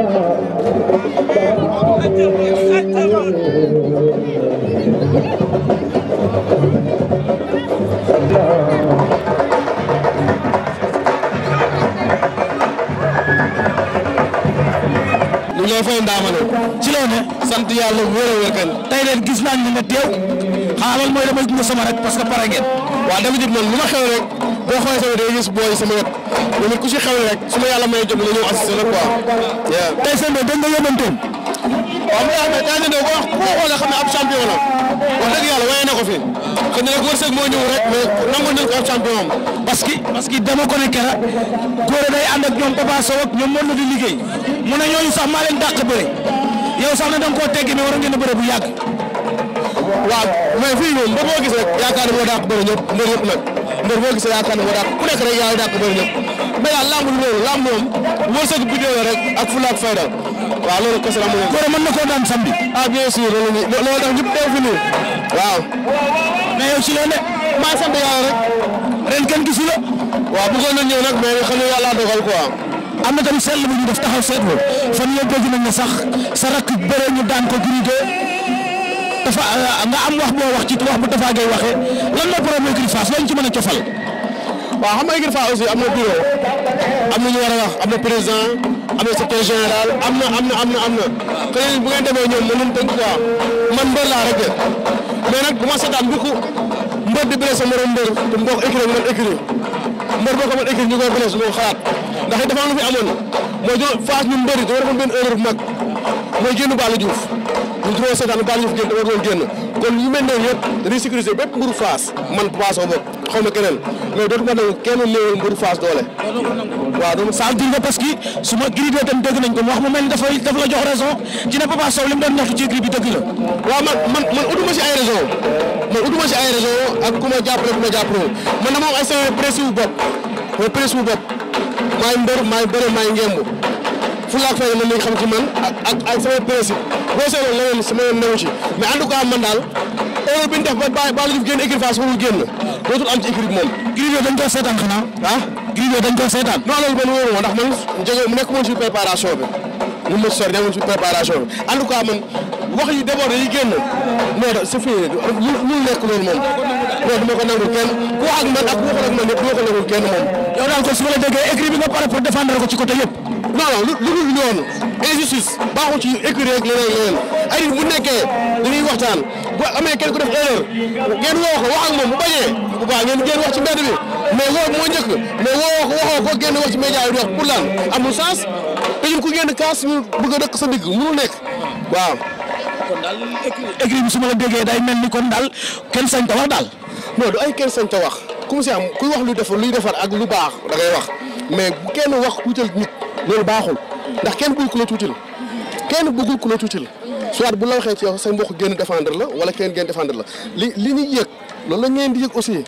ñu lay fay ndaamale ci loo ne sant yàlla a wéer kañ tey leen gis naa ñu ne teew mooy dama gis sama rek parce que pare ngeen dama jëm noonu lu ma xew boo xoolee sama day gis booy sama ñun ku si xewle rek su ma yàlla may jot nga ñëw assisté la quoi. tey seen bopp dañ la yóbbanteem. waaw mu tax daa ne wax ku ko xoolee xam ne ab champion la wax dëgg yàlla waaye na ko fi xëy na nag wërsëg moo ñëw rek mais nangu nañ ko ab champion am. parce que parce que dama ko ne kera góor day ànd ak ñoom Papa Sow ak ñoom mën na di liggéey mu ne ñooñu sax maa leen dàq bëre yow sax na da nga koo teggi mais war ngeen a bëre bu yàgg. waaw mais fii moom ba boo gis rek yaakaar ne moo dàq bëre ñëpp mbër yëpp nag mbër boo gis yaakaar ne moo dàq ku nekk rek yaa dàq bëre ñëpp. Mbaye lamb loolu lamb moom wërsëg bu dee rek ak fulla ak fayda waaw loolu kese la moom. Gora na koo daan samedi. ah bien sûr loolu loolu tax ñëpp teew fi loolu de maa sant yàlla la. waaw bëggoon na ñëw nag mais xam nga yàlla dogal quoi. am na tamit seetlu def taxaw seetlu fan yëpp dégg nañ ne sax sa rakk bëre ñu daan ko grité dafa euh, nga am wax boo wax ci wax bu dafa ngay waxee lan la problème Gris Fass lañ ci mën a cofal. waaw xam nga écurie Fass aussi am na bureau am na ñu war a wax am na président am na secrétaire général am na am na am na am na xëy bu ngeen demee ñoom mënuñ tënk quoi man mbër laa rek de mais nag bu ma seetaan bu ko mbër di blessé morom mbër te mu bokk écurie man écurie mbër boo ko man écurie ñu koy blessé ñu xalaat ndax dafa am lu fi amoon mooy jox Fass ñu mbëri dafa defoon benn erreur bu mag mooy génn Balla Diouf ñu turoo seetaan Balla Diouf génn dafa doon génn kon ñu mel noonu yëpp dañuy sécuriser bépp mburu Fass man Papa Sow bokk xaw ma keneen mais dootuma nangu kenn léewal mbëru Fass doole. waaw donc ça veut dire que parce que su ma Gris doo tam dëgg nañ ko wax mu mel ni dafay daf la jox raison ci ne Papa Sow li mu doon la. waaw man man man utuma si ay raison man utuma si ay raison ak ku ma jàppale ku ma jàppale man dama ma presse wu bopp maay mbër yoon newu ci mais en tout cas man daal heure bi ba bàyyi ba la génn écrifage warul génn dootul am ci équipe moom. Gris 2 dañ koo seetaan xanaa. ah Gris 2 dañ koo seetaan. non loolu man wóoruma ndax man jege nekk moom ci préparation bi ñu mën sori demul ci préparation bi en wax yu d'abord yi génn non de c'est fini mu mu nekk loolu moom. non du ma ko nangu kenn ku wax du ma ko nangu kenn moom. yow daal kon su ma la déggee nga pare pour défendre ko ci côté yëpp. non non lu dul noonu injustice baaxul ci écurie ak leneen leneen ay bu nekkee dañuy waxtaan amee kenn ku def erreur ngeen woo ko wax ak moom bu bañee bu baax ngeen ngeen wax ci mbedd bi mais loolu moo njëkk mais woo ko waxoo ko génn wax ci média yi di wax pour lan amul sens te ñun ku génn kaas ñu a dëkk sa digg mënul nekk waaw. kon daal écurie bi su ma la déggee day mel ni kon daal kenn sañ ta wax daal. non du ay kenn sañ ta wax ku mu si am kuy wax luy defar luy defar ak lu baax da ngay wax mais kenn wax wutal nit. loolu baaxul ndax kenn bëggul ku la tuuti la kenn bëggul ku la tuuti la soit bu la waxee ci yow sa mbokk génn défendre la wala kenn génn défendre la li li ñuy yëg loolu la ngeen di yëg aussi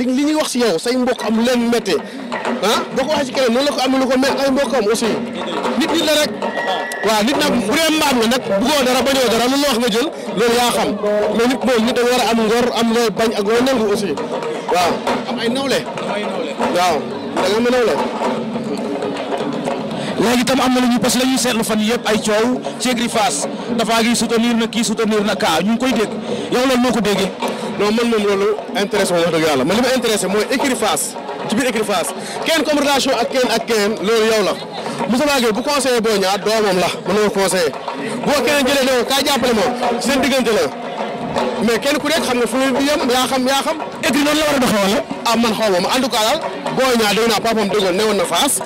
li ñuy wax si yow say mbokk am lu leen méttee ah boo ko waxee ci keneen noonu la ko amee lu ko mett ay mbokk am aussi nit la rek waaw nit nag bu dee mbaam nga nag bëggoo dara bañoo dara lu la wax nga jël loolu yaa xam mais nit moom nit da nga am ngor am looy bañ ak looy nangu aussi waaw am ay waaw da nga am nawle léegi itam am na lu ñu parce la ñuy seetlu fan yëpp ay coow ci Gris dafa ngi soutenir na kii soutenir na kaa ñu koy dégg yow loolu noo ko déggee. non man moom loolu intéressé wax dëgg yàlla man li ma intéressé mooy Gris Fass ci la Moussa Gueye boo keneen jëlee ne kaay jàppale moom seen diggante la mais kenn ku nekk xam nga fu mu yaa xam yaa xam. war a doxee wala. Ah, man xaw ma en boo ñaar dégg naa papaam déggoon newoon na Fass.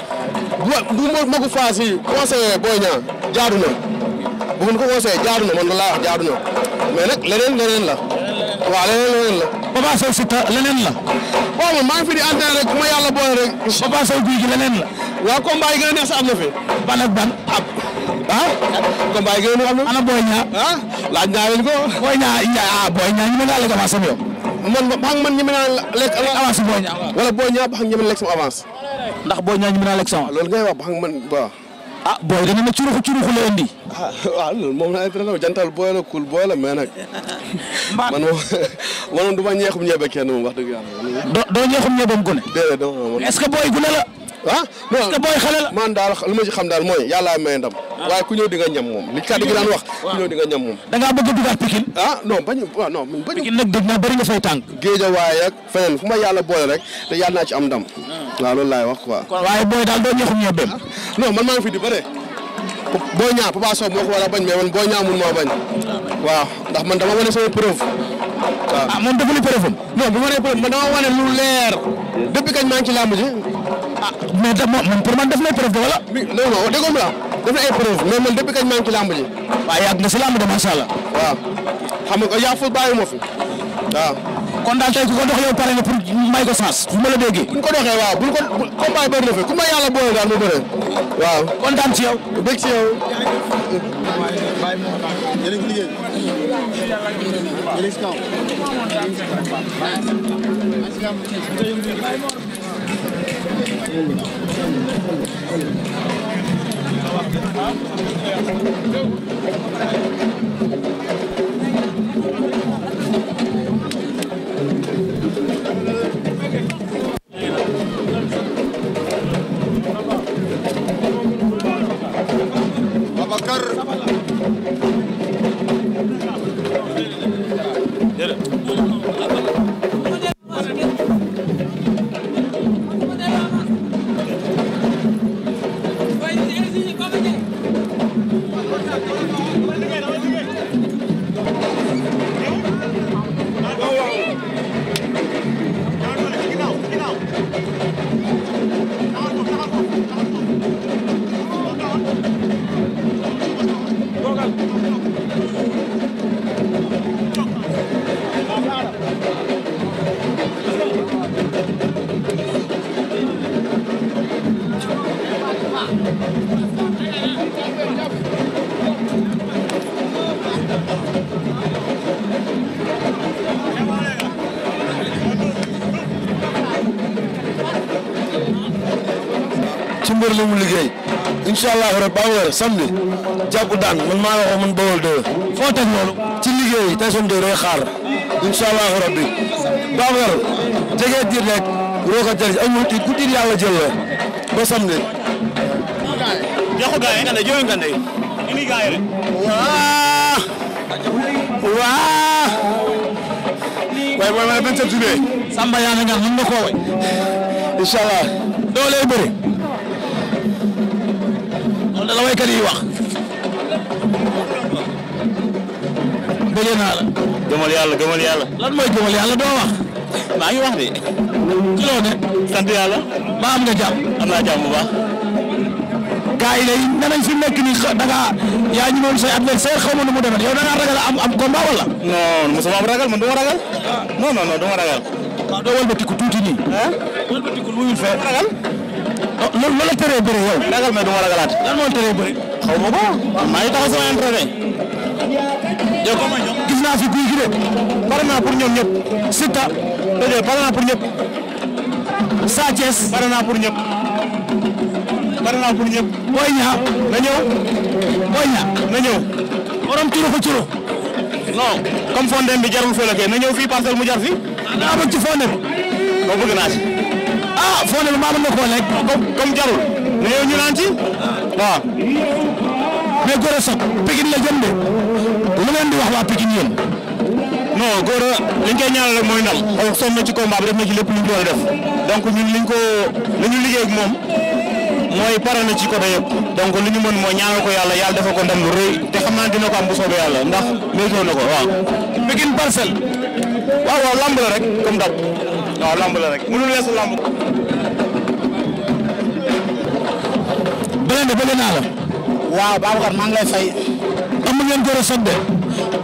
bu ma magu Fass yi conseillé Boy Niang jaadu na ko conseillé jaadu na man la laa wax jaadu na mais nag leneen leneen la waa leneen leneen la. Papa si ta leneen la. waaw man maa ngi fi di entraîné rek ku ma yàlla boole rek. Papa Sow guy gi leneen la. waaw combat yi gën a neex sa am na fi. ban ak ban ab. Ah. ah combat yi gën a neex am na. ana Boy Niang. ah laaj naa leen ko. Boy Niang ah, lekk avance am wala Boy ba xam ñi lekk sama avance. ndax booy ñaañ mën a élection. Ah, loolu ngay wax ba xam man waaw. ah booy dana ne curuxu curuxu la indi. ah waaw loolu moom laa indi jantal booy la kuul booy la mais man man man du ma ñeexum ñebe kenn moom wax dëgg yàlla. doo doo gune. déedéet dama booy gune la. ah parce que booy xale la man daal lu ma ci xam daal mooy yàllaa may ndam waaye ku ñëw di nga ñam moom li kàddu gi daan wax ku ñëw di nga ñam moom da ngaa bëgg a dugaat Pikine ah non bañu waaw non bañu Pikine nag dëgg naa nga fay tànk géej waaye ak fu ma yàlla boole rek te yàlla naa ci am ndam hmm. waaw loolu laay wax quoi waaye booy daal doo ñeexum ñebbeem ah, non man maa ngi fi di bëre boo ñaa Papa Sow moo a bañ mais mun maa bañ. waaw ndax man dama wane sama preuve. waaw ah moom defuñu bu ma nee preuve man dama wane lu leer. depuis kañ maa ngi ci làmb ji. ah man pour man def na preuve wala. non non déggoo ma la def na ay preuve mais man depuis kañ maa ngi ci làmb nga si làmb de macha allah. waaw xam nga yaa ful bàyyi ma fi waaw. kon daal tey ku ko dox yow pare na pour may ko sens. bu ma la déggee. bu ñu ko doxee waaw bu ko combat bëri na fi ku ma waaw kontaan ci yow. bëgg ci yow. Bakar ci mbir li mu liggéey incha allah rek ba weer samedi maa la waxoon man Bawol de foo teg ci liggéey tey son de rek xaar rabbi ba weer jege diir rek roo ko jël amul tiit ku tiit ba samedi yàqu gars yi ngande jooy ngande ini gars yi waa waa waaye mooy mooy 27 juillet Samba yaa nga mën na koo inshallah doole bëri on la waykat yi wax bëgg naa la gëmal yàlla gëmal yàlla lan mooy gëmal maa ngi de ci loo ne sant maa am nga jàmm am naa jàmm bu baax gars yi day nee nañ fi mu nekk nii da ngaa yaa ñu noonu say adversaire xaw ma nu mu demee yow da ngaa ragal am am combat wala. non mosuma am ragal man du ma ragal. non non non du ma ragal. waaw doo wëlbatiku tuuti nii. ah wëlbatiku wuyul fee. ragal. loolu loolu la teree bëri yow. ragal mais du ma ragalaat. lan moo teree bëri. xaw ma ko. waaw maa ngi taxaw sama entraîné. yow comme gis naa fi guy gi de. pare naa pour ñoom ñëpp. Siteu. déedéet pare naa pour ñëpp. Sa Thiès. pare naa pour ñëpp. pare naa pour ñëpp. booy ñaa na booy ñaa na ñëw. borom a fa turu. non comme Fondem bi jarul fële kee na ñëw fii mu jar fi daa bëgg ci Fondem. boo bëgg naa ci. ah Fondem maa mën na koo lekk. comme comme jarul. na ñëw ñu naan ci. waaw. mais Gora Sock Pikine la jëm de. lu di wax waa Pikine non góor a li ñu koy ñaanal mooy ndam o sonn na ci combat bi def na ci lépp lu ñu def donc ñun liñ ko li ñu liggéey moom mooy pare na ci côté yëpp donc li ñu mën mooy ñaanal ko yàlla yàlla dafa ko lu rëy te xam naa dina ko am bu soobee yàlla ndax mérite na ko waaw Pikine Parcelles waaw waaw lamb la rek comme dab waaw lamb la rek mënul weesu lamb Blindé bëgg la waaw Babacar maa am ngeen góor a sant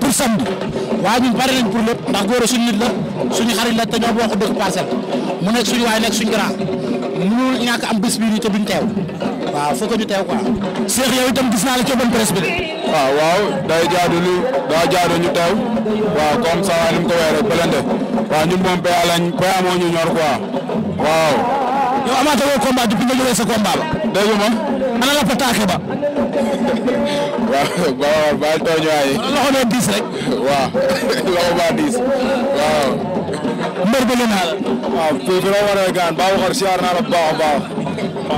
pour samedi waaye ñun pare nañ pour lépp ndax góor suñu nit la suñu xarit la te ñoo bokk dëkk parcelle mu nekk suñu waaye nekk suñu grand mënul ñàkk am bés bii nii te duñ teew waaw foog ñu teew quoi. bi de. Ah, waaw waaw day jaadu lu daa jaadu ñu teew waaw comme ça ni mu ko waxee rek bëlante waaw ñun moom PA lañ PA moo ñu ñor quoi waaw. yow amaatoo combat depuis nga jógee sa combat ba. dégg nga. ana la pataake ba. waaw waaw baal tooñ waaye. loxo bee diis rek. waaw loxo baa diis waaw. mbër ba la naa la. waaw fii bi la waree naa la baax a baax.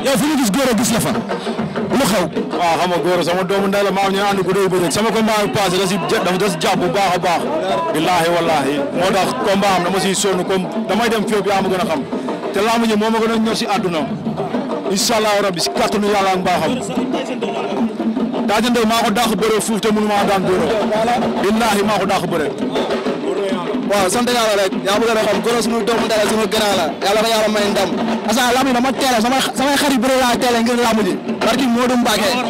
yow fi ñu gis góor a gis la fa. lu xew. waaw xam nga góor sama doomu ndey la maa ngi ànd guddi bëccëg sama combat bi passé da si dafa des jàpp bu baax a baax. billaahi wallaahi moo tax combat am dama siy sonn comme damay dem fépp yaa ma gën a xam te laamu ji moo ma gën a ñor si àdduna incha allahu rabi si kàttanu yàlla ak mbaaxam maa ko dàq bëre fuuf te mënu maa daan góor billaahi maa ko dàq bëre waaw sant yàlla rek yaa bëgg a xam góor suñu doomu dara suñu gënaa la yàlla ko yàlla may ndam asan lamb yi dama teele samay samay xarit laa teele ngir lamb ji barki Modou Mbacke yàlla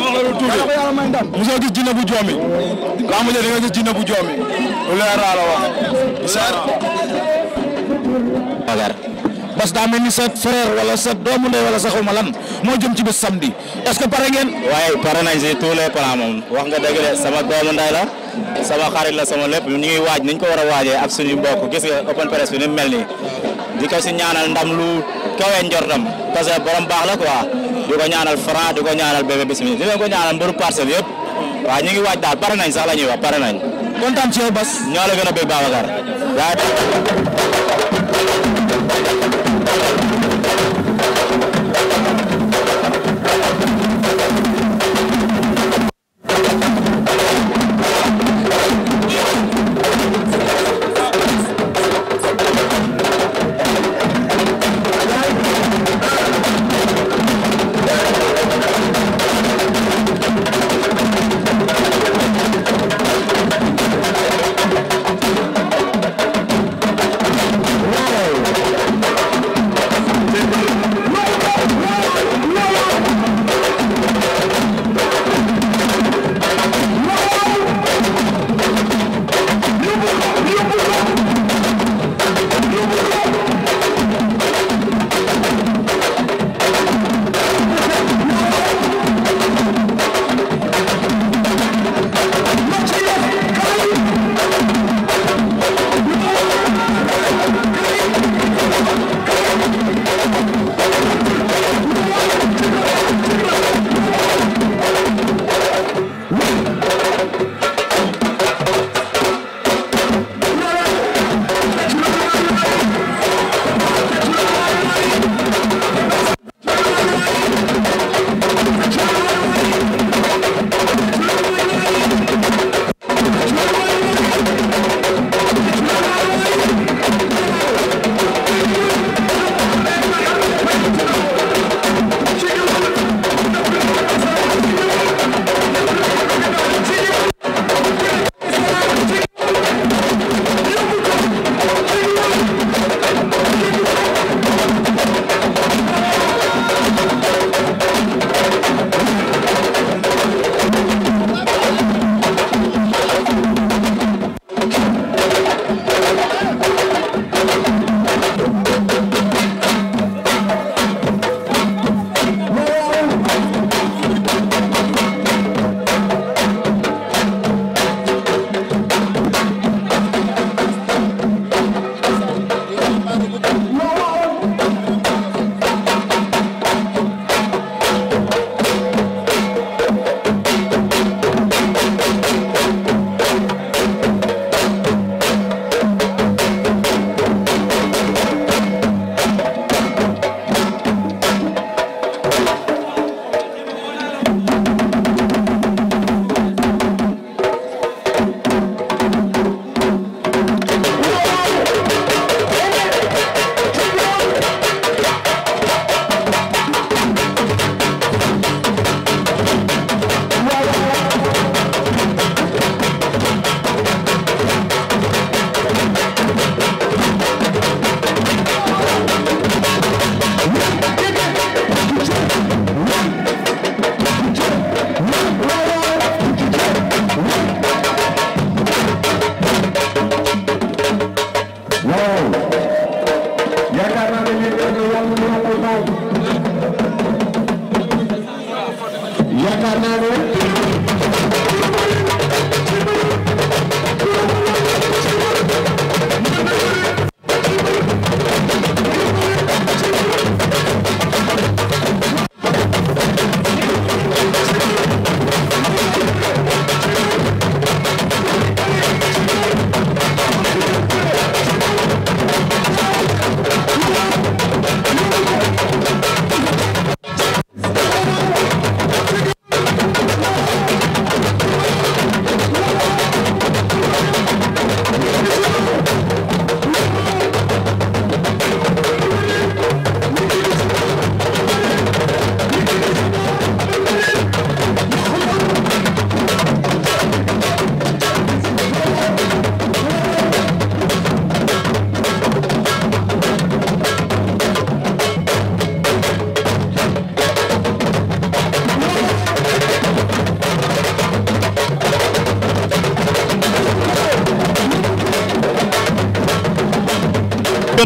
ko yàlla may ndam mosoo gis jinne bu joomi lamb ji di nga gis jinne bu joomi lu leer la wax parce que daa sa frère wala sa doomu ndey sa xaw ma lan moo jëm ci bés samedi est que pare ngeen. waaye pare nañ si tous les plans wax nga dëgg sama doomu la sama xarit la sama lépp ñu ngi waaj ni ñu ko war a waajee ak suñu mbokk gis nga open press bi ni mel nii di ko si ñaanal ndam lu kawee njortam parce que borom baax la quoi di ko ñaanal franc di ko ñaanal bébé bisimilah di leen ko ñaanal mbëru parcelle yëpp waaw ñu ngi waaj daal pare nañ sax la ñuy wax pare nañ. kontaan ci yow Bas. a bëgg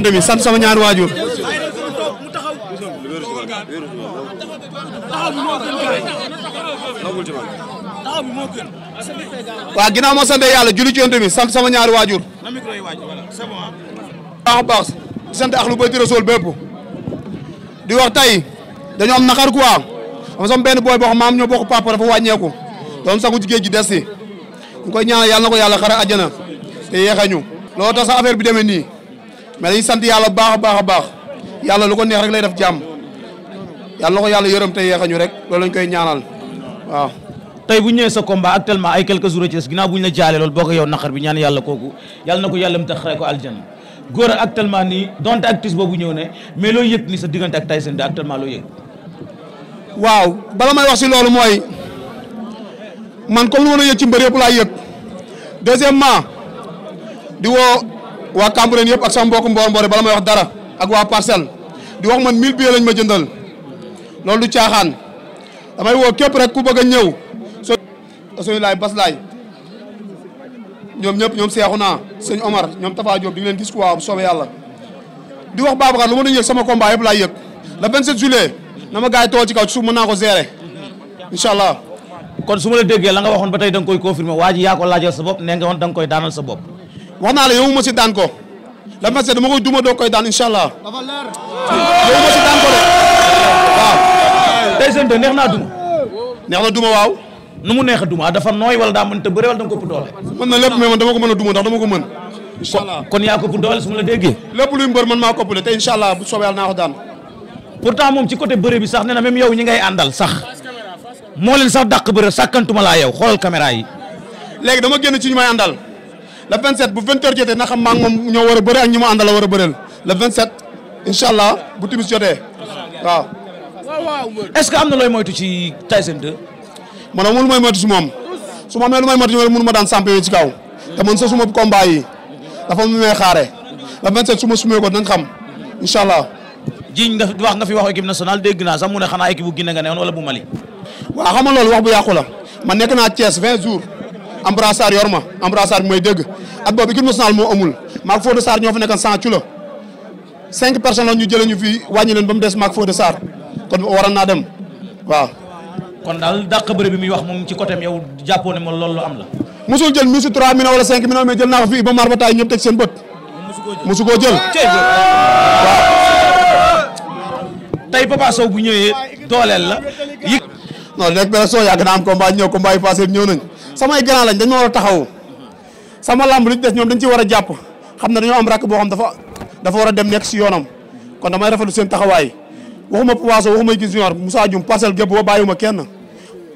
mbënd mi sant sama ñaari waajur waaw ginnaaw ma sant yàlla julli ci yonent bi sant sama ñaari waajur baax a baax di sant axlu bayti rasul bépp di wax tey dañoo am naqar quoi am sama benn booy boo xam maam ñoo bokk papa dafa wàññeeku doom sagu géej gi des si ñu na ko yàlla xara àjjana te yeexe loolu tax sa affaire bi demee nii mais dañuy sant yàlla baax a baax a baax yàlla lu ko neex rek lay def jàmm yàlla na ko yàlla yërëm te yeexañu rek loolu lañ koy ñaanal waaw. tey bu ñëwee sa combat actuellement ay quelques jours ci des ginnaaw bu ñu la jaale lool boo ko yow naqar bi ñaan yàlla kooku yàlla na ko yàlla mu tax xare ko aljana góor a actuellement nii donte actrice boobu ñëw ne mais loo yëg ni sa diggante ak Tyson de actuellement loo yëg. waaw bala may wax si loolu mooy man comme lu ma la yëg ci mbër yëpp laay yëg deuxièmement di woo waa Cambérène yëpp ak sama mbokku mboor bala may wax dara ak waa parcelle di wax man 1000 billets lañ ma jëndal loolu du caaxaan damay woo képp rek ku bëgg a ñëw so suñu laay bas laay ñoom ñëpp ñoom seexu naa sëñ Omar ñoom Tafa Diop di ngi leen gis ku waaw soobee yàlla di wax Babacar lu ma doon yëg sama combat yëpp laay yëg le 27 juillet na ma gars yi tool ci kaw ci suuf naa ko gérer incha allah kon su ma la déggee la nga waxoon ba tey da nga koy confirmer waa ji ko laajal sa bopp wax naa la yow ma si daan ko la ma se dama koy duma doo koy daan incha allah yow ma si daan ko de waaw. tey seen neex naa duma. neex na duma waaw. nu mu neex a duma dafa nooy wala daa mënta bëre wala da nga ko doole. mën na lépp mais man dama ko a duma ndax dama ko mën. incha kon yaa ko ëpp doole su lépp luy mbër man maa ko ëppale te incha bu soobee yàlla naa ko daan. pourtant moom ci côté bëre bi sax nee na même yow ñi ngay àndal sax moo leen sax daq bëre sàkkantuma laa yow xoolal caméra yi. léegi dama génn ci ñu may le 27 bu 20h jotee na xam maa moom ñoo war a bëri ak ñi mu àndal war a bëreel le 27 incha allah bu timis jotee waaw. est-ce que am na looy moytu ci Tyson 2. man amul may moytu si moom su ma amee lu may moytu ma daan samp ci kaw te man sa suma yi dafa mu may xaare le 27 su ma sumee ko nañ xam incha allah. jiñ nga wax nga fi wax équipe nationale dégg naa sax mu ne xanaa équipe bu Guinée nga ne woon bu Mali. waaw xam nga loolu wax bu yàqu la man nekk naa Thiès Ambra Sarr yor ma Ambra Sarr bi may dégg at boobu moo amul maag Fodé Sarr ñoo fa nekkoon sans culo cinq personnes la ñu jëlee ñu fi wàññi leen ba mu des maag Fodé Sarr kon waroon naa dem waaw. kon daal dàq bëri bi muy wax moom ci côté yow jàppoo ne moom loolu am la. mosul jël musu 3 millions wala 5 millions mais jël naa ko fi Iba Mar ba taay ñëpp teg seen bët. mosu koo jël tey Papa Sow bu ñëwee dooleel la. non rek benn soo yàgg na am combat ñëw combat ñëw nañ samay grand lañ dañ ma war a taxaw sama lamb li ci des ñoom dañ ci war a jàpp xam ne dañoo am rakk boo xam dafa dafa war a dem nekk si yoonam kon damay rafetlu seen taxawaay waxuma Papa Sow waxuma gis ñor Moussa Dioum parcelle gépp boo ma kenn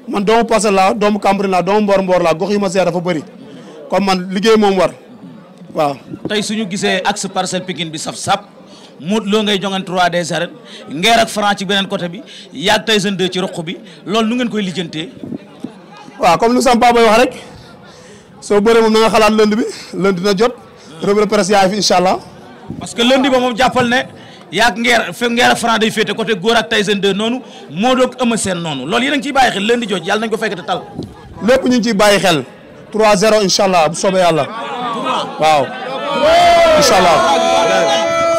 man doomu parcelle laa doomu Cambérène laa doomu Mboor Mboor laa gox yi ma seer dafa bëri comme man liggéey moom war waaw. tey ñu gisee axe parcelle Pikine bi saf-saf Modou Lo ngay jongan 3 de arènes ngeer ak ci beneen côté bi yaag Tyson 2 bi loolu nu ngeen koy lijjantee. waaw comme lu sama papa wax rek soo bëree moom na xalaat lënd bi lënd na jot. revue de presse fi incha allah. parce que lënd ba moom jàppal ne yaag ngeer fe ngeer franc day féete côté góor ak Tyson 2 noonu moo doog ama seen noonu lool yi a ngi ciy bàyyi xel lënd jooju yàlla nañ ko fekk tal. lépp ñu ngi ciy bàyyi xel. 3-0 incha allah bu soobee yàlla. waaw. incha allah.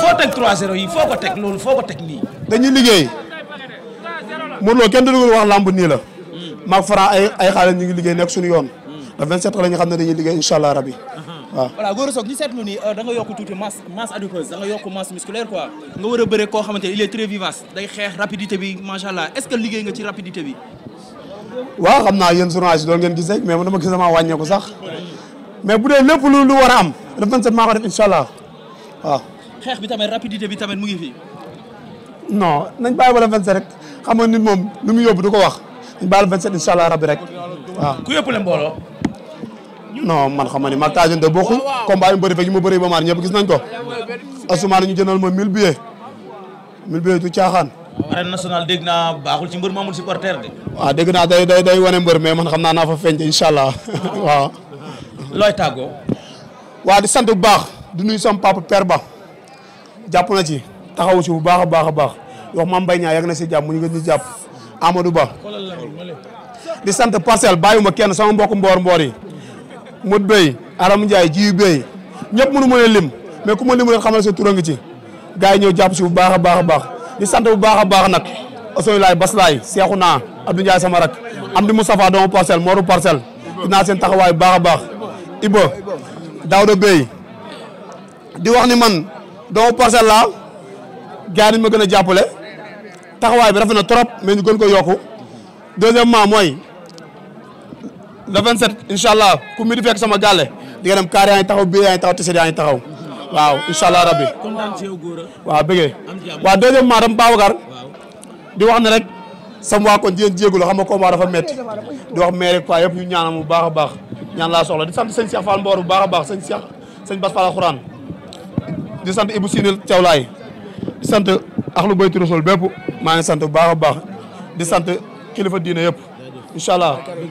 foo teg 3-0 yi foo ko teg loolu foo ko teg nii. dañuy liggéey. Modou Lo kenn la. maag Fra ay ay xale ñu ngi liggéey nekk suñu yoon. le 27 la ñu xam ne dañuy liggéey incha allah rabi. waaw voilà Gora Sock ñu seetlu ni euh, da nga yokk tuuti masse masse adipeuse da nga yokk masse musculaire quoi nga war a bëre koo xamante il est très vivace day xeex rapidité bi macha allah est ce que liggéey nga ci rapidité bi. waaw xam naa yéen journaliste doon ngeen gis rek mais man dama gis damaa wàññeeku sax mais bu dee lépp lu lu war a am le 27 maa waaw. xeex bi tamit rapidité bi tamit mu ngi fi. non nañ bàyyi ba le rek xam nga nit moom lu mu yóbbu du ko wax. baal 27 incha allah rabbi rek waaw. ku yëppale mbooloo. non man xam nga ni mag taajante bokkul combat yi mu fekk ma bëri ba maar ñëpp gis nañ ko asumaan ñu jëndal ma 1000 billets 1000 billets du caaxaan. arène nationale dégg naa baaxul ci mbër mu amul supporter de. waaw dégg naa day day day wane mbër mais man xam naa naa fa feeñ incha allah waa di sant bu baax du nuyu sama papa per ba jàpp na ci taxaw si bu baax a baax a baax wax maam Mbaye ñaa yàgg na si jàpp mu ngi gën di jàpp. Amadou Ba di sant parcelle ma kenn sama mbokk mboor mboor yi mut béy aram Ndiaye jiyu béy ñëpp mënu mën a lim mais ku ma limu leen xamal sa tur ngi ci gars yi ñëw jàpp si bu baax a baax a baax di sant bu baax a baax nag asoy laay bas laay seexu naa Abdou Ndiaye sama rak am di Moustapha doomu parcelle mooru parcelle dinaa seen taxawaay bu baax a baax Iba Daouda Béy di wax ni man doomu parcelle laa gars yi ma gën a jàppale taxawaay bi rafet na trop mais ñu gën ko yokku deuxièmement mooy le 27 incha allah ku di fekk sama gàlle di nga dem yaa ngi taxaw biir yaa ngi taxaw tiset yaa ngi taxaw waaw incha allah rabbi waaw bëggee waaw deuxièmement dama di wax ne rek sama waa kon di leen jéegul xam nga combat dafa metti di wax maire quoi yëpp ñu ñaanal mu baax a baax ñaan laa soxla di sant sañ Cheikh Fall Mbor bu baax baax sañ Cheikh sañ Bass Fall Alxuraan di sant Ibou Sinil axlu baytu rasul bépp maa ngi sant bu baax a baax di sant kilifa diine yëpp incha